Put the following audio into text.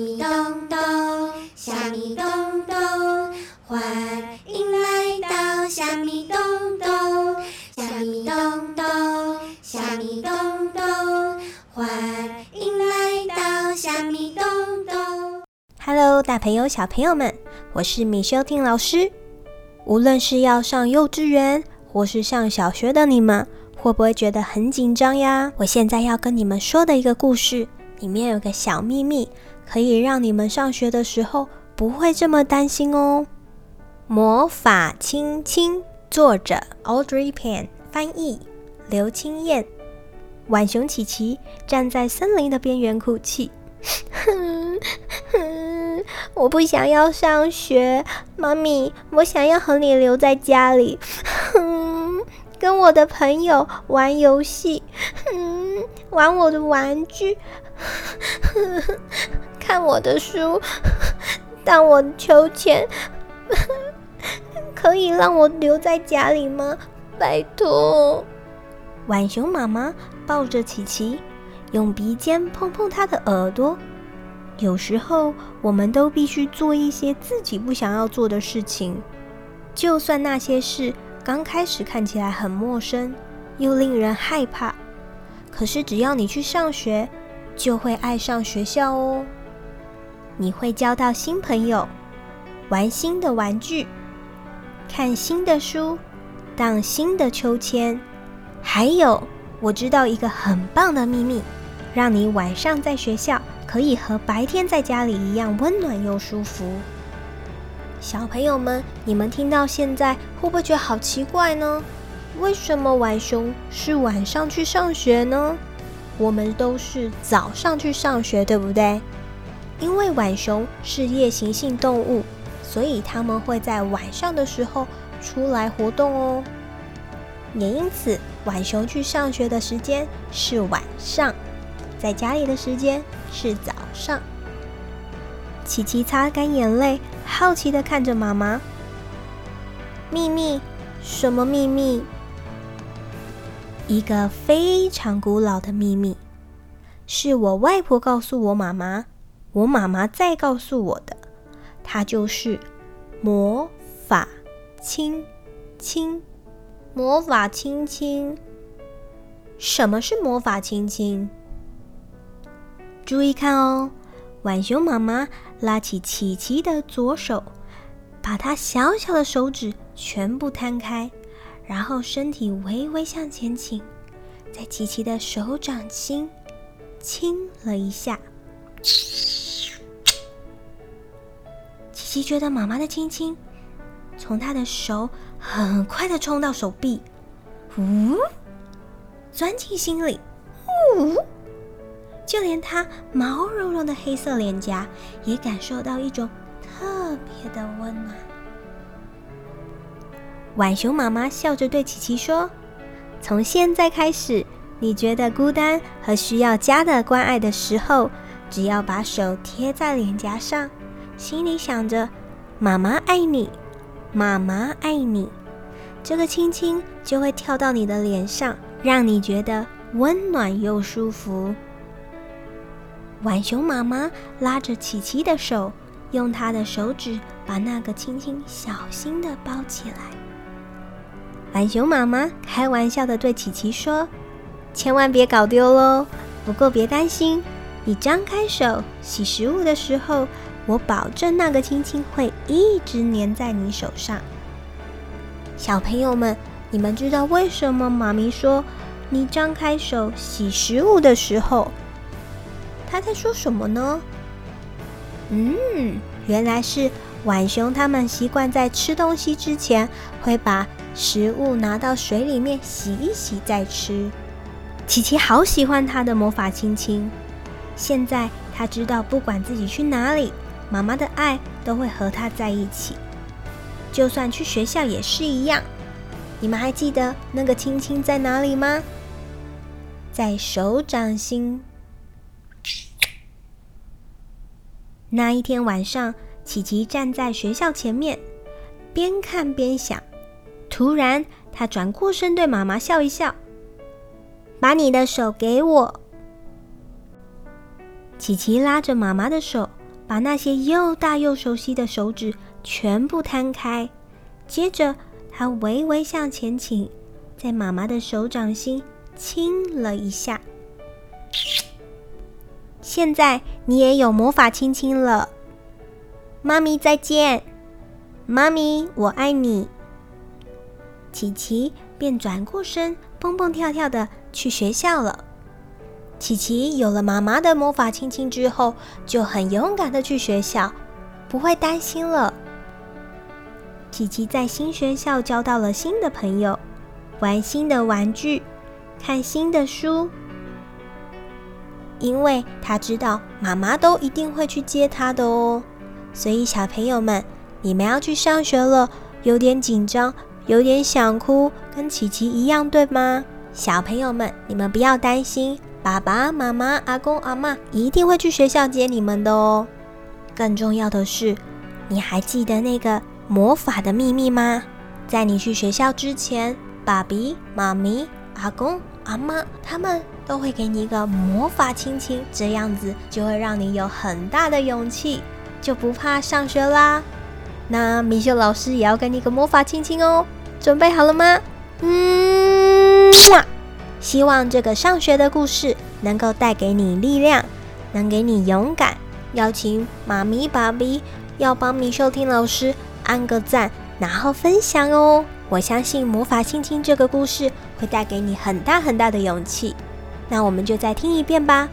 米咚咚，蝦米咚咚，歡迎來到蝦米咚咚，蝦米咚咚，蝦米咚咚，歡迎來到蝦米咚咚。Hello，大朋友、小朋友們，我是米修汀老師。無論是要上幼稚園或是上小學的你們，會不會覺得很緊張呀？我現在要跟你們說的一個故事，裡面有個小秘密。可以讓你們上學的時候不會這麼擔心哦。魔法親親，作者 Audrey Penn，翻譯劉清彥。浣熊奇奇站在森林的邊緣哭泣。哼哼，我不想要上學，媽咪，我想要和你留在家裡，哼，跟我的朋友玩遊戲，哼，玩我的玩具。哼。看我的書，盪我的鞦韆，可以讓我留在家裡嗎？拜託。浣熊媽媽抱着奇奇，用鼻尖碰碰她的耳朵。有時候，我們都必須做一些自己不想要做的事情，就算那些事剛開始看起來很陌生，又令人害怕。可是，只要你去上學，就會愛上學校哦。你會交到新朋友，玩新的玩具，看新的書，盪新的秋千，還有，我知道一個很棒的祕密，讓你晚上在學校可以和白天在家裡一樣溫暖又舒服。小朋友們，你們聽到現在會不會覺得好奇怪呢？為什麼浣熊是晚上去上學呢？我們都是早上去上學，對不對？因為浣熊是夜行性動物，所以它們會在晚上的時候出來活動哦。也因此，浣熊去上學的時間是晚上，在家裡的時間是早上。奇奇擦乾眼淚，好奇的看着媽媽：“秘密？什麼秘密？一個非常古老的秘密，是我外婆告訴我媽媽。”我媽媽再告訴我的，她就是魔法親親。魔法親親，什麼是魔法親親？注意看哦，浣熊媽媽拉起琪琪的左手，把她小小的手指全部攤開，然後身體微微向前傾，在琪琪的手掌心親，親了一下。奇覺得媽媽的親親從她的手很快的衝到手臂，嗚，鑽進心裡，嗚，就連她毛茸茸的黑色臉頰也感受到一種特別的溫暖。浣熊媽媽笑着對奇奇說：“從現在開始，你覺得孤單和需要家的關愛的時候，只要把手貼在臉頰上。”心裡想着：“媽媽愛你，媽媽愛你。”這個親親就會跳到你的臉上，讓你覺得溫暖又舒服。浣熊媽媽拉着奇奇的手，用她的手指把那個親親小心地包起來。浣熊媽媽開玩笑地對奇奇說：“千萬別搞丟嘍！不過別擔心，你張開手洗食物的時候。”我保證，那個親親會一直粘在你手上。小朋友們，你們知道為什麼媽咪說你張開手洗食物的時候，她在說什麼呢？嗯，原來是浣熊他們習慣在吃東西之前，會把食物拿到水裡面洗一洗再吃。琪琪好喜歡她的魔法親親，現在她知道，不管自己去哪裡。媽媽的愛都會和他在一起，就算去學校也是一樣。你們還記得那個親親在哪裡嗎？在手掌心。 那一天晚上，奇奇站在學校前面，邊看邊想。突然，她轉過身對媽媽笑一笑：“把你的手給我。”奇奇拉着媽媽的手。把那些又大又熟悉的手指全部攤開，接着他微微向前傾，在媽媽的手掌心親了一下。現在你也有魔法親親了，媽咪再見，媽咪，我愛你。奇奇便轉過身，蹦蹦跳跳地去學校了。奇奇有了媽媽的魔法親親之後，就很勇敢的去學校，不會擔心了。奇奇在新學校交到了新的朋友，玩新的玩具，看新的書，因為他知道媽媽都一定會去接他的哦。所以小朋友們，你們要去上學了，有點緊張，有點想哭，跟奇奇一樣，對嗎？小朋友們，你們不要擔心。爸爸媽媽、阿公阿嬤一定會去學校接你們的哦。更重要的是，你還記得那個魔法的秘密嗎？在你去學校之前，爸比、媽咪、阿公、阿嬤，他們都會給你一個魔法親親，這樣子就會讓你有很大的勇氣，就不怕上學啦。那米秀老師也要給你一個魔法親親哦，準備好了嗎？嗯。希望這個上學的故事能夠帶給你力量，能給你勇敢。邀請媽咪、爸比要幫米秀婷老師按個讚，然後分享哦。我相信魔法親親這個故事會帶給你很大很大的勇氣。那我們就再聽一遍吧。